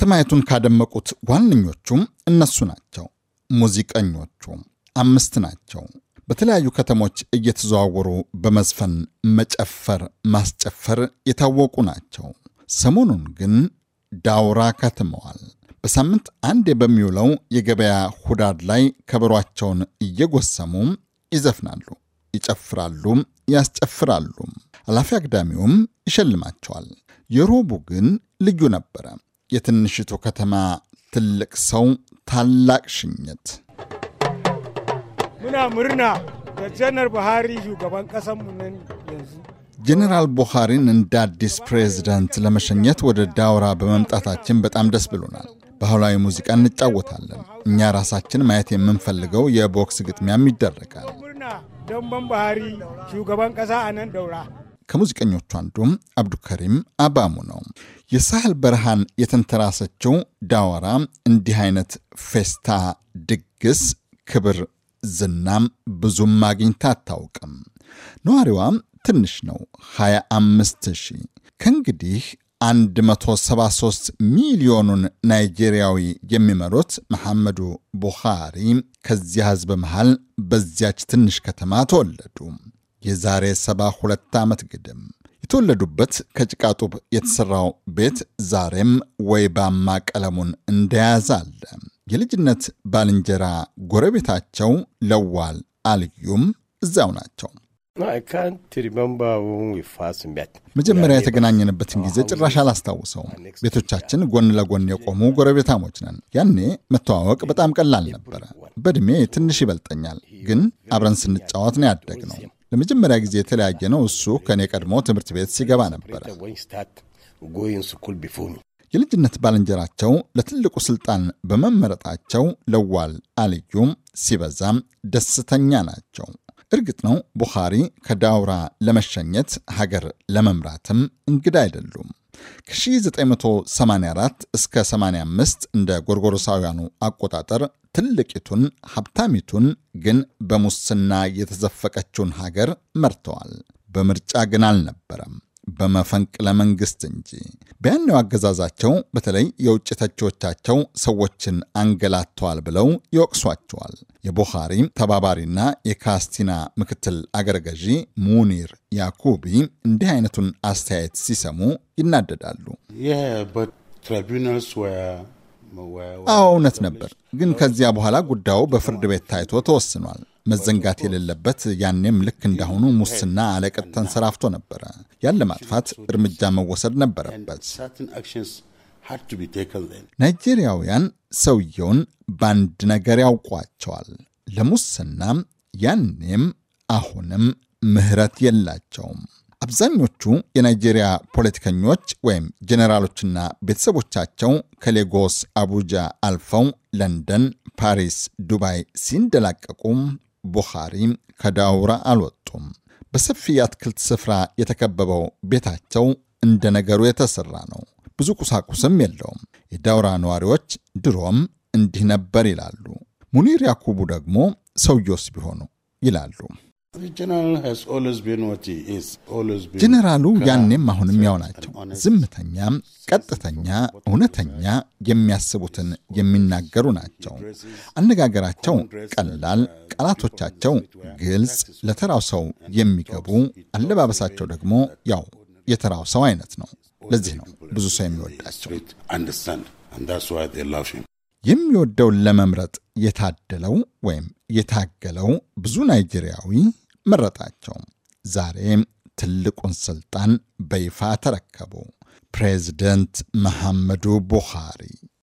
ከተማይቱን ካደመቁት ዋነኞቹም እነሱ ናቸው። ሙዚቀኞቹ አምስት ናቸው። በተለያዩ ከተሞች እየተዘዋወሩ በመዝፈን መጨፈር፣ ማስጨፈር የታወቁ ናቸው። ሰሞኑን ግን ዳውራ ከትመዋል። በሳምንት አንዴ በሚውለው የገበያ ሁዳድ ላይ ከበሯቸውን እየጎሰሙ ይዘፍናሉ፣ ይጨፍራሉ፣ ያስጨፍራሉ። አላፊ አግዳሚውም ይሸልማቸዋል። የሮቡ ግን ልዩ ነበረ። የትንሽቱ ከተማ ትልቅ ሰው ታላቅ ሽኝት። ምና ምርና ጀኔራል እንደ አዲስ ፕሬዚዳንት ለመሸኘት ወደ ዳውራ በመምጣታችን በጣም ደስ ብሎናል። ባህላዊ ሙዚቃ እንጫወታለን። እኛ ራሳችን ማየት የምንፈልገው የቦክስ ግጥሚያም ይደረጋል። ደንበን ባህሪ ሹገባን ቀሳ አነን ደውራ ከሙዚቀኞቹ አንዱ አብዱከሪም አባሙ ነው። የሳህል በረሃን የተንተራሰችው ዳወራ እንዲህ አይነት ፌስታ፣ ድግስ፣ ክብር፣ ዝናም ብዙም አግኝታ አታውቅም። ነዋሪዋ ትንሽ ነው፣ 25 ሺህ። ከእንግዲህ 173 ሚሊዮኑን ናይጄሪያዊ የሚመሩት መሐመዱ ቡኻሪ ከዚያ ህዝብ መሃል በዚያች ትንሽ ከተማ ተወለዱ። የዛሬ ሰባ ሁለት ዓመት ግድም የተወለዱበት ከጭቃ ጡብ የተሠራው ቤት ዛሬም ወይባማ ቀለሙን እንደያዘ አለ። የልጅነት ባልንጀራ ጎረቤታቸው ለዋል አልዩም እዚያው ናቸው። መጀመሪያ የተገናኘንበትን ጊዜ ጭራሽ አላስታውሰውም። ቤቶቻችን ጎን ለጎን የቆሙ ጎረቤታሞች ነን። ያኔ መተዋወቅ በጣም ቀላል ነበረ። በእድሜ ትንሽ ይበልጠኛል፣ ግን አብረን ስንጫወት ነው ያደግነው። ለመጀመሪያ ጊዜ የተለያየ ነው። እሱ ከእኔ ቀድሞ ትምህርት ቤት ሲገባ ነበረ። የልጅነት ባልንጀራቸው ለትልቁ ስልጣን በመመረጣቸው ለዋል አልዩም ሲበዛም ደስተኛ ናቸው። እርግጥ ነው ቡኻሪ ከዳውራ ለመሸኘት ሀገር ለመምራትም እንግዳ አይደሉም። ከ1984 እስከ 85 እንደ ጎርጎሮሳውያኑ አቆጣጠር ትልቂቱን ሀብታሚቱን ግን በሙስና የተዘፈቀችውን ሀገር መርተዋል። በምርጫ ግን አልነበረም፣ በመፈንቅለ መንግስት እንጂ። በያኔው አገዛዛቸው በተለይ የውጭ ተቺዎቻቸው ሰዎችን አንገላተዋል ብለው ይወቅሷቸዋል። የቡኻሪ ተባባሪና የካስቲና ምክትል አገረ ገዢ ሙኒር ያኩቢ እንዲህ አይነቱን አስተያየት ሲሰሙ ይናደዳሉ። አዎ እውነት ነበር። ግን ከዚያ በኋላ ጉዳዩ በፍርድ ቤት ታይቶ ተወስኗል። መዘንጋት የሌለበት ያኔም ልክ እንዳሁኑ ሙስና አለቅጥ ተንሰራፍቶ ነበረ። ያለ ማጥፋት እርምጃ መወሰድ ነበረበት። ናይጄሪያውያን ሰውየውን በአንድ ነገር ያውቋቸዋል። ለሙስናም ያኔም አሁንም ምህረት የላቸውም። አብዛኞቹ የናይጄሪያ ፖለቲከኞች ወይም ጄኔራሎችና ቤተሰቦቻቸው ከሌጎስ አቡጃ አልፈው ለንደን፣ ፓሪስ፣ ዱባይ ሲንደላቀቁም ቡኻሪ ከዳውራ አልወጡም። በሰፊ የአትክልት ስፍራ የተከበበው ቤታቸው እንደ ነገሩ የተሰራ ነው። ብዙ ቁሳቁስም የለውም። የዳውራ ነዋሪዎች ድሮም እንዲህ ነበር ይላሉ። ሙኒር ያኩቡ ደግሞ ሰውየውስ ቢሆኑ ይላሉ። ጀኔራሉ ያኔም አሁንም ያው ናቸው። ዝምተኛም፣ ቀጥተኛ፣ እውነተኛ፣ የሚያስቡትን የሚናገሩ ናቸው። አነጋገራቸው ቀላል፣ ቃላቶቻቸው ግልጽ፣ ለተራው ሰው የሚገቡ፣ አለባበሳቸው ደግሞ ያው የተራው ሰው አይነት ነው። ለዚህ ነው ብዙ ሰው የሚወዳቸው። የሚወደውን ለመምረጥ የታደለው ወይም የታገለው ብዙ ናይጄሪያዊ መረጣቸው። ዛሬም ትልቁን ስልጣን በይፋ ተረከቡ። ፕሬዚደንት መሐመዱ ቡኻሪ